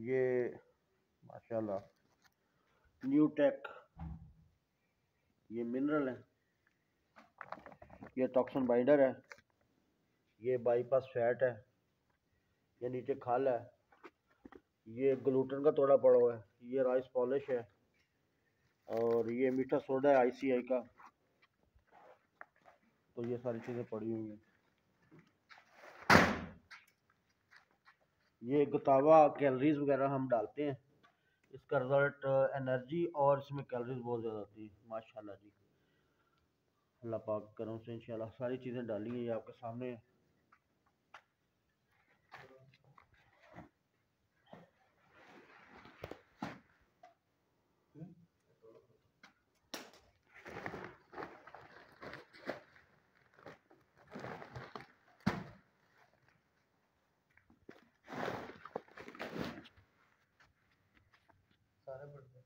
یہ ماشاء اللہ نیو ٹیک یہ منرل ہے یہ ٹاکسن بائنڈر ہے یہ بائی پاس فیٹ ہے یہ نیچے کھال ہے یہ گلوٹن کا توڑا پڑا ہوا ہے یہ رائس پالش ہے اور یہ میٹھا سوڈا ہے آئی سی آئی کا تو یہ ساری چیزیں پڑی ہوئی ہیں یہ گتاوا کیلریز وغیرہ ہم ڈالتے ہیں اس کا رزلٹ انرجی uh, اور اس میں کیلریز بہت زیادہ آتی ہے ماشاء اللہ جی اللہ پاک کروں سے انشاءاللہ ساری چیزیں ڈالی ہیں یہ آپ کے سامنے پڑتے ہیں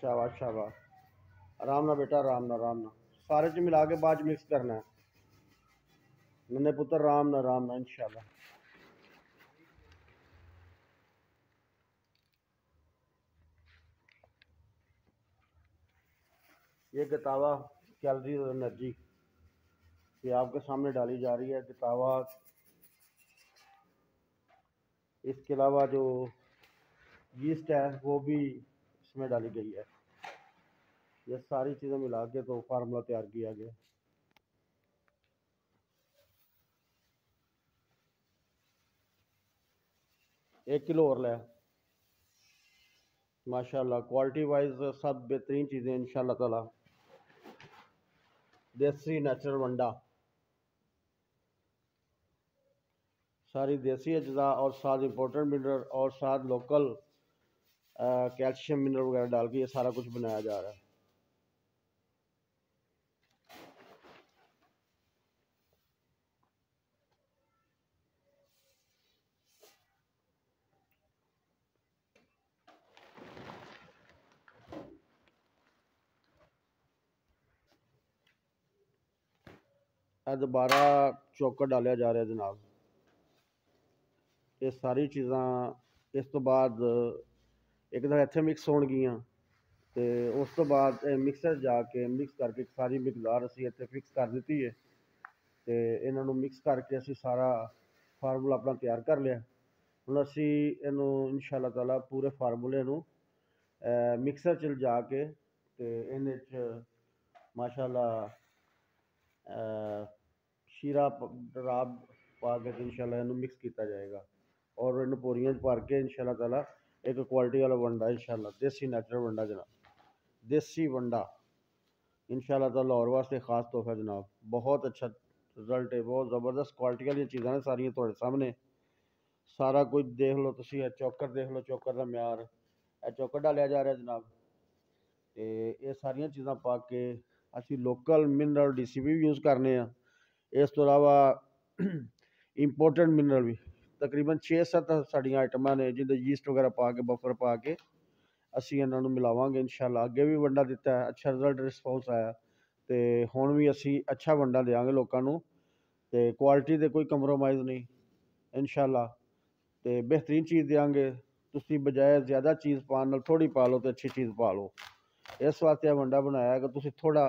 شاباش شاباش آرام نہ بیٹا آرام نہ آرام نہ سارے چ جی ملا کے بعد جی مکس کرنا ہے پتر نہ نہ انشاءاللہ یہ کتاب کیلری اور انرجی یہ آپ کے سامنے ڈالی جا رہی ہے کتاب اس کے علاوہ جو یسٹ ہے وہ بھی اس میں ڈالی گئی ہے یہ ساری چیزیں ملا کے تو فارمولا تیار کیا گیا ایک کلو اور لیا ماشاء اللہ کوالٹی وائز سب بہترین چیزیں ان شاء اللہ تعالی دیسی نیچرل ونڈا ساری دیسی اجزاء اور ساتھ امپورٹنٹ منرل اور ساتھ لوکل کیلشیم منرل وغیرہ ڈال کے یہ سارا کچھ بنایا جا رہا ہے دوبارہ چوکر ڈالیا جا رہا ہے جناب یہ ساری چیزاں اس تو بعد ایک دم اتنے مکس ہون گیا تو اس بعد مکسر جا کے مکس کر کے ساری مقدار اِسی اتنے فکس کر دیتی ہے تو یہ مکس کر کے اُسی سارا فارمولہ اپنا تیار کر لیا ہوں اُسی یہ ان شاء اللہ تعالیٰ پورے فارمولہ مکسر چا کے ماشاء اللہ شیرا ڈراب پا کے ان شاء اللہ یہ مکس کیا جائے گا اور ان پوریاں پھر کے ان شاء اللہ تعالیٰ ایک کوالٹی والا ونڈا انشاءاللہ دیسی نیچرل ونڈا جناب دیسی ونڈا انشاءاللہ تعالی اور لاہور واسطے خاص تحفہ جناب بہت اچھا رزلٹ ہے بہت زبردست کوالٹی والی چیزاں ساری سامنے سارا کچھ دیکھ لو تسی چوکر دیکھ لو چوکر کا معیار یہ چوکر ڈالیا جا رہا جناب تے یہ ساری چیزاں پا کے اسی لوکل منرل ڈی سی بھی یوز کرنے ہیں اس علاوہ امپورٹنٹ منرل بھی ਤਕਰੀਬਨ 6-7 ਸਾਡੀਆਂ ਆਈਟਮਾਂ ਨੇ ਜਿੰਦੇ ਯੀਸਟ ਵਗੈਰਾ ਪਾ ਕੇ ਬਫਰ ਪਾ ਕੇ ਅਸੀਂ ਇਹਨਾਂ ਨੂੰ ਮਿਲਾਵਾਂਗੇ ਇਨਸ਼ਾਅੱਲਾ ਅੱਗੇ ਵੀ ਵੰਡਾ ਦਿੱਤਾ ਹੈ ਅੱਛਾ ਰਿਜ਼ਲਟ ਰਿਸਪੌਂਸ ਆਇਆ ਤੇ ਹੁਣ ਵੀ ਅਸੀਂ ਅੱਛਾ ਵੰਡਾ ਦੇਵਾਂਗੇ ਲੋਕਾਂ ਨੂੰ ਤੇ ਕੁਆਲਿਟੀ ਦੇ ਕੋਈ ਕੰਪਰੋਮਾਈਜ਼ ਨਹੀਂ ਇਨਸ਼ਾਅੱਲਾ ਤੇ ਬਿਹਤਰੀਨ ਚੀਜ਼ ਦੇਵਾਂਗੇ ਤੁਸੀਂ ਬਜਾਏ ਜ਼ਿਆਦਾ ਚੀਜ਼ ਪਾਣ ਨਾਲ ਥੋੜੀ ਪਾ ਲਓ ਤੇ ਅੱਛੀ ਚੀਜ਼ ਪਾ ਲਓ ਇਸ ਵਾਸਤੇ ਇਹ ਵੰਡਾ ਬਣਾਇਆ ਕਿ ਤੁਸੀਂ ਥੋੜਾ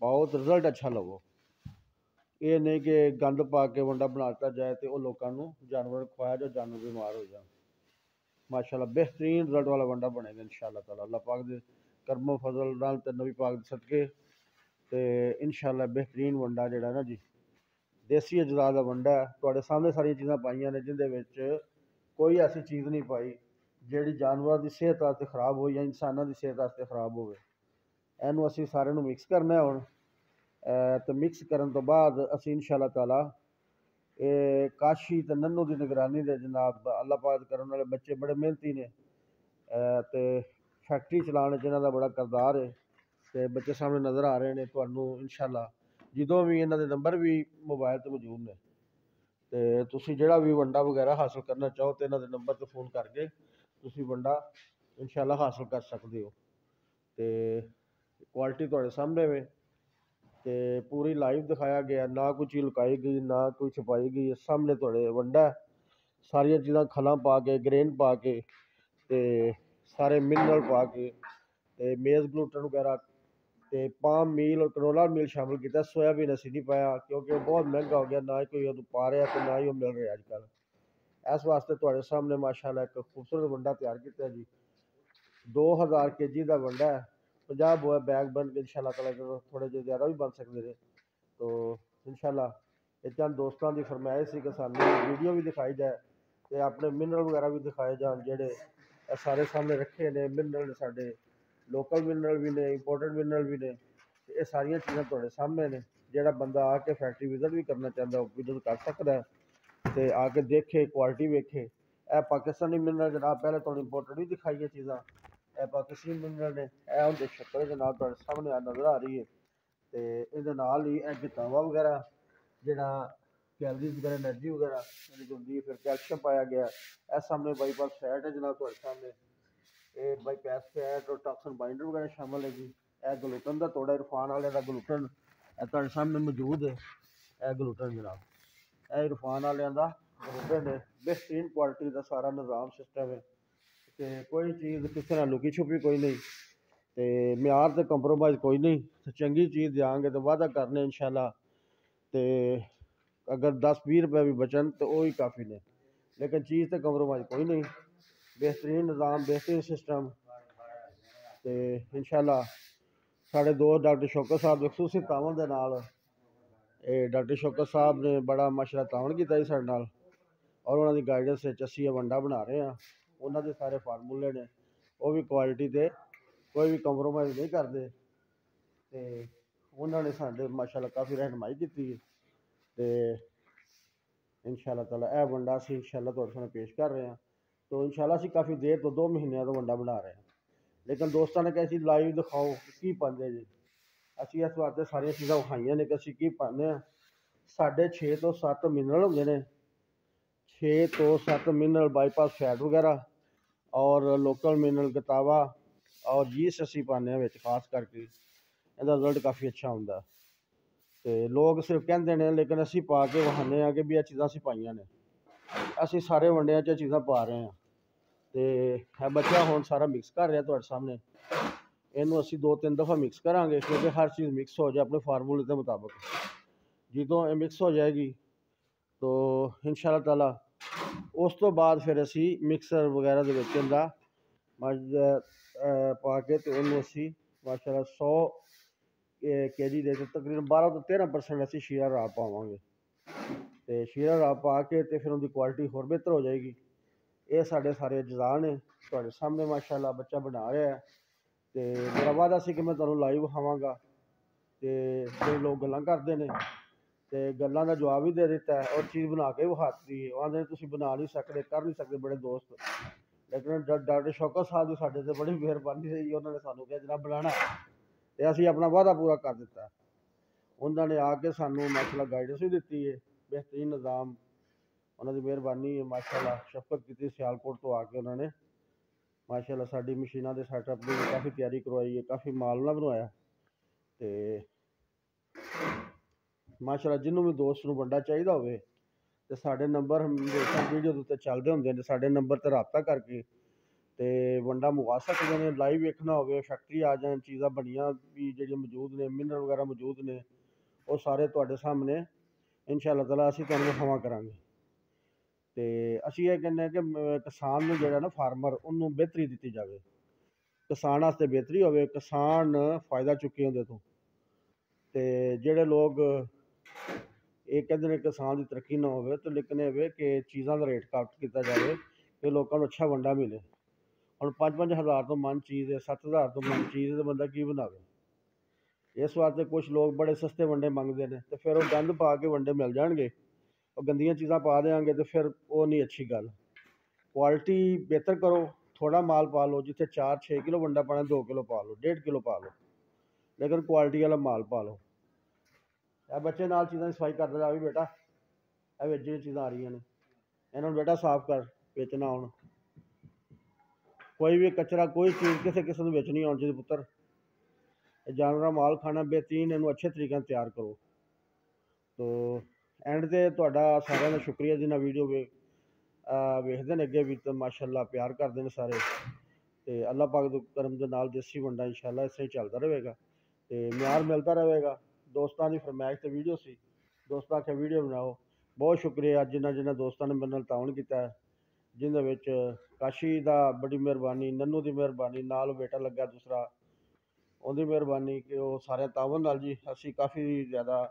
ਬਹੁਤ ਰਿਜ਼ਲਟ ਅੱਛਾ ਲਵੋ یہ نہیں کہ گند پا کے ونڈا بنا لائے تو لوگوں کو جانور کھوایا جائے جانور بیمار ہو جائے ماشاء اللہ بہترین رزلٹ والا ونڈا بنے گا ان شاء اللہ تعالیٰ کرموں فضل نہ تین پاک سٹ کے ان شاء اللہ بہترین ونڈا جا جی دینڈا تھوڑے سامنے سارا چیزیں پائیا نے جن کے کوئی ایسی چیز نہیں پائی جی جانور کی صحت واسطے خراب ہو یا انسانوں کی صحت واسطے خراب ہوئے یہ سارے مکس کرنا ہو مکس کرنے بعد اِسی ان شاء اللہ تالا یہ کاشی تو ننو کی نگرانی دلہ پاد بچے بڑے محنتی نے تو فیکٹری چلانے جنہ کا بڑا کردار ہے تو بچے سامنے نظر آ رہے ہیں تو ان شاء اللہ جدو بھی انہیں نمبر بھی موبائل سے موجود ہیں تو تی جا بھی ونڈا وغیرہ حاصل کرنا چاہو تو یہاں کے نمبر پر فون کر کے تیڈا ان شاء اللہ حاصل کر سکتے ہو تو کوالٹی تڑے سامنے میں تے پوری لائیو دکھایا گیا نہ کوئی چیز لکائی گئی نہ کوئی چھپائی گئی سامنے تھوڑے ونڈا ہے ساری چیزاں کھلا پا کے گرین پا کے تے سارے منرل پا کے تے میز گلوٹن وغیرہ تے پام میل اور کنولا میل شامل کیتا سویا بھی نسی نہیں پایا کیونکہ وہ بہت مہنگا ہو گیا نہ ہی کوئی ادو پا رہا تو نہ ہی وہ مل رہا کل اس واسطے تھوڑے سامنے ماشاءاللہ ایک خوبصورت ونڈا تیار ہے جی دو ہزار کے جی کا ونڈا ہے پنجاب بوائے بیک بن کے انشاءاللہ شاء جو تھوڑے جو زیادہ بھی بن سکتے رہے تو انشاءاللہ شاء چند دوستان دی فرمائے سی کہ سامنے ویڈیو بھی دکھائی جائے اپنے منرل وغیرہ بھی دکھائے جان جے سارے سامنے رکھے نے منرل سارے لوکل منرل بھی نے امپورٹنڈ منرل بھی نے یہ ساری چیزیں تھوڑے سامنے نے جہاں بندہ آ کے فیکٹری وزٹ بھی کرنا چاہتا کر سکتا ہے تو آ کے دیکھے کوالٹی ویے اے پاکستانی منرل جناب پہلے امپورٹ بھی دکھائی چیزاں پاکستانی منڈل نے شکلے سامنے آ رہی ہے یہ بتاوا وغیرہ جناری وغیرہ ارجی وغیرہ پھر ریکشن پایا گیا سامنے بائیپلائٹ ہے جناب سامنے یہ بائی پیسائٹ اور ٹاکسن بائنڈر وغیرہ شامل ہے جی یہ گلوٹن کا تورڈ ہے عرفان والے کا گلوٹن سامنے موجود ہے یہ گلوٹن جناب یہ عرفان والوں کا گلوٹن ہے بہترین کوالٹی کا سارا نظام سسٹم ہے کہ کوئی چیز کس طرح لکی چھپی کوئی نہیں تو میار تو کمپرومائز کوئی نہیں چنگی چیز دیا گے تو وعدہ کرنے ان شاء اللہ تو اگر دس بھی روپے بھی بچن تو وہی کافی نے لیکن چیز تے کمپرومائز کوئی نہیں بہترین نظام بہترین سسٹم تے انشاءاللہ ساڑھے دو سارے دوست ڈاکٹر شوکر صاحب تعاون دے نال اے ڈاکٹر شوکر صاحب نے بڑا مشورہ تاون کیا جی سارے اور انہاں دی گائیڈنس ہے چسییا ونڈا بنا رہے ہیں ਉਹਨਾਂ ਦੇ ਸਾਰੇ ਫਾਰਮੂਲੇ ਨੇ ਉਹ ਵੀ ਕੁਆਲਿਟੀ ਤੇ ਕੋਈ ਵੀ ਕੰਪਰੋਮਾਈਜ਼ ਨਹੀਂ ਕਰਦੇ ਤੇ ਉਹਨਾਂ ਨੇ ਸਾਡੇ ਮਾਸ਼ਾਅੱਲਾ ਕਾਫੀ ਰਹਿਨਮਾਈ ਕੀਤੀ ਤੇ ਇਨਸ਼ਾਅੱਲਾ ਤਾਲਾ ਇਹ ਵੰਡਾ ਸੀ ਇਨਸ਼ਾਅੱਲਾ ਤੁਹਾਡੇ ਸਾਨੂੰ ਪੇਸ਼ ਕਰ ਰਹੇ ਹਾਂ ਤੋਂ ਇਨਸ਼ਾਅੱਲਾ ਅਸੀਂ ਕਾਫੀ ਦੇਰ ਤੋਂ 2 ਮਹੀਨਿਆਂ ਤੋਂ ਵੰਡਾ ਬਣਾ ਰਹੇ ਹਾਂ ਲੇਕਿਨ ਦੋਸਤਾਂ ਨੇ ਕਿਹਾ ਸੀ ਲਾਈਵ ਦਿਖਾਓ ਕੀ ਪਾਉਂਦੇ ਜੀ ਅਸੀਂ ਇਸ ਵਾਰ ਤੇ ਸਾਰੀਆਂ ਚੀਜ਼ਾਂ ਉਖਾਈਆਂ ਨੇ ਕਿ ਅਸੀਂ ਕੀ ਪਾਉਂਦੇ ਆ ਸਾਡੇ 6 ਤੋਂ 7 ਮਿਨਰਲ ਹੁੰਦੇ ਨੇ چھو ست منرل بائیپاس فیڈ وغیرہ اور لوکل منرل کتابہ اور جیس اِسی پانے ہیں خاص کر کے یہزلٹ کافی اچھا ہوں تو لوگ صرف کہیں لیکن ابھی پا کے بخی یہ چیزیں پائیاں نے اِسی سارے ونڈیا سے یہ چیزاں پا رہے ہیں تو بچہ ہوا سارا مکس کر رہا تھے سامنے یہ دو تین دفعہ مکس کرا گے کیونکہ ہر چیز مکس ہو جائے اپنے فارمولہ کے مطابق جتوں یہ مکس ہو جائے گی تو ان شاء اللہ تعالیٰ اس تو بعد پھر اسی مکسر وغیرہ دے دیکھا پا کے اُسی اسی ماشاءاللہ سو کے جی تقریبا بارہ تو تیرہ پرسینٹ اِسی شیشہ راب پاؤں گے تو شیشہ راب پا کے پھر ان کی کوالٹی بہتر ہو جائے گی اے سارے سارے جزان ہیں ترے سامنے ماشاءاللہ بچہ بنا رہے ہیں تو میرا بات ایسی کہ میں تعلق لائیو خاواں گا تو لوگ گلیں کرتے ہیں تو گ بھی دے دیتا ہے اور چیز بنا کے بخا دیتی ہے وہ تم بنا نہیں سکتے کر نہیں ستے بڑے دوست لیکن ڈ ڈاکٹر شوکت صاحب کی سارے تو بڑی مہربانی رہی وہاں نے سانو کیا جناب بنایا ہے اِسی اپنا وعدہ پورا کر دیا انہوں نے آ کے سانوں ماشاء اللہ گائیڈنس بھی دیتی ہے بہترین نظام انہوں کی مہربانی ہے ماشاء اللہ شفقت کی سیالکوٹ تو آ کے انہوں نے ماشاء اللہ ساری مشین کے سیٹ اپ کافی تیاری کروائی ہے کافی مال نہ بنوایا تو ماشاء جنہوں میں بھی دوستوں ونڈا چاہیے ہوئے تو سارے نمبر چلتے ہوں سارے نمبر سے رابطہ کر کے تو ونڈا موا سکتے ہیں لائو دیکھنا ہوگی فیکٹری آ جان چیزاں بنیاں بھی جب موجود نے منرل وغیرہ موجود نے وہ سارے تھوڑے سامنے ان شاء اللہ تعالیٰ ہوا کریں گے تو اِسی یہ کہ کسان جا فارمر ان بہتری دتی جائے کسان واسطے بہتری ہوے کسان فائدہ چکے اندر تو جہ کہتے ہیںانرقی نہ ہو کہ چیزاں کا ریٹ کٹتا جائے کہ لکانوں اچھا ونڈا ملے ہوں پانچ ہزار تو من چیز ہے سات ہزار تو من چیز ہے تو بندہ کی بنا اس واسطے کچھ لوگ بڑے سستے ونڈے منگتے ہیں تو پھر وہ گند پا کے ونڈے مل جان گے اور گندیاں چیزاں پا دیا گے تو پھر وہ نہیں اچھی گل کوالٹی بہتر کرو تھوڑا مال پا لو جتنے چار چھ کلو ونڈا پایا دو کلو پا لو ڈیڑھ کلو پا لو لیکن کوالٹی والا مال پا لو ਇਹ ਬੱਚੇ ਨਾਲ ਚੀਜ਼ਾਂ ਦੀ ਸਫਾਈ ਕਰਦਾ ਆ ਵੀ ਬੇਟਾ ਇਹ ਵਿੱਚ ਜਿਹੜੀਆਂ ਚੀਜ਼ਾਂ ਆ ਰਹੀਆਂ ਨੇ ਇਹਨਾਂ ਨੂੰ ਬੇਟਾ ਸਾਫ਼ ਕਰ ਵਿੱਚ ਨਾ ਆਉਣ ਕੋਈ ਵੀ ਕਚਰਾ ਕੋਈ ਚੀਜ਼ ਕਿਸੇ ਕਿਸੇ ਨੂੰ ਵਿੱਚ ਨਹੀਂ ਆਉਣ ਜਿਹਦੇ ਪੁੱਤਰ ਇਹ ਜਾਨਵਰਾਂ ਮਾਲ ਖਾਣਾ ਬੇਤੀਨ ਇਹਨੂੰ ਅੱਛੇ ਤਰੀਕੇ ਨਾਲ ਤਿਆਰ ਕਰੋ ਤੋ ਐਂਡ ਤੇ ਤੁਹਾਡਾ ਸਾਰਿਆਂ ਦਾ ਸ਼ੁਕਰੀਆ ਜਿਨ੍ਹਾਂ ਵੀਡੀਓ ਵੇ ਵੇਖਦੇ ਨੇ ਅੱਗੇ ਵੀ ਤਾਂ ਮਾਸ਼ਾਅੱਲਾ ਪਿਆਰ ਕਰਦੇ ਨੇ ਸਾਰੇ ਤੇ ਅੱਲਾਹ ਪਾਕ ਦੇ ਕਰਮ ਦੇ ਨਾਲ ਦੇਸੀ ਵੰਡਾ ਇਨਸ਼ਾਅੱਲਾ ਇਸੇ ਚੱਲਦਾ ਰਹੇਗਾ ਤੇ ਮਿਆਰ ਮਿਲਦਾ ਰਹੇਗਾ دی فرمائش تے ویڈیو سی دوست آ کے ویڈیو بناؤ بہت شکریہ جنا دوست نے میرے نال تاون کیا جن کاشی کا بڑی مہربانی ننو کی مہربانی نال بیٹا لگا دوسرا اندھی مہربانی کہ وہ سارے تاون لال جی ابھی کافی زیادہ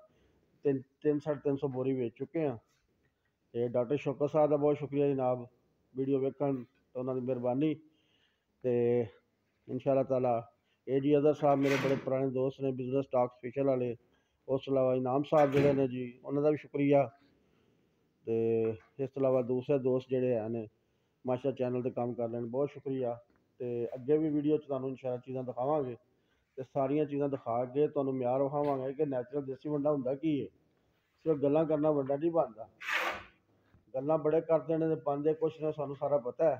تین تین ساڈ تین سو بوری ویچ چکے ہاں یہ ڈاکٹر شوکر صاحب کا بہت شکریہ جناب ویڈیو ویکن مہربانی تو ان شاء اللہ تعالیٰ اے جی ادر صاحب میرے بڑے پرنے دوست نے بزنس ٹاک فیشل والے اس علاوہ انعام صاحب جڑے نے جی انہوں کا بھی شکریہ تو اس کے علاوہ دوسرے دوست جڑے ہیں ناشا چینل تم کر لین بہت شکریہ تو ابھی بھی ویڈیو تیل چیزیں دکھاو گے تو سارا چیزاں دکھا کے تھنوں میا رکھا گے کہ نیچرل دیسی ونڈا ہوں کہ وہ گل ونڈا نہیں بنتا گلیں بڑے کرتے ہیں بنتے کچھ نے سنوں سارا پتا ہے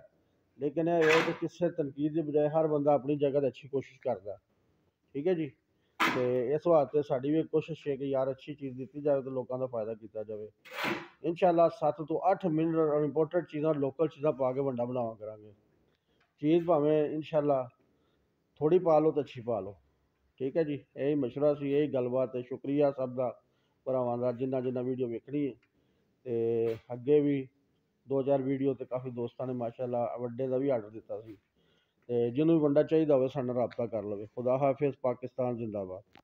لیکن یہ کسی تنقید کی بجائے ہر بندہ اپنی جگہ اچھی کوشش کرتا ہے ٹھیک ہے جی اس واسطے ساری بھی کوشش ہے کہ یار اچھی چیز دیتی جائے تو لائد کیا جائے ان شاء اللہ سات تو اٹھ منٹورٹنٹ چیزاں لوکل چیزیں پا کے ونڈا بناو کروں گے چیز پہ ان شاء اللہ تھوڑی پا لو تو اچھی پا لو ٹھیک ہے جی یہی مشورہ سے یہی گل بات ہے شکریہ سب کا برا جا جنا ویڈیو ویکنی ہے اگیں بھی دو چار ویڈیو تو کافی دوستوں نے ماشاء اللہ ونڈے کا بھی آڈر دا سا ਤੇ ਜਿਹਨੂੰ ਵੀ ਵੰਡਾ ਚਾਹੀਦਾ ਹੋਵੇ ਸਾਡੇ ਨਾਲ ਰਾਬਤਾ ਕਰ ਲਵੇ ਖੁਦਾ ਹਾਫਿਜ਼ ਪਾਕਿਸਤਾਨ ਜਿੰਦਾਬਾਦ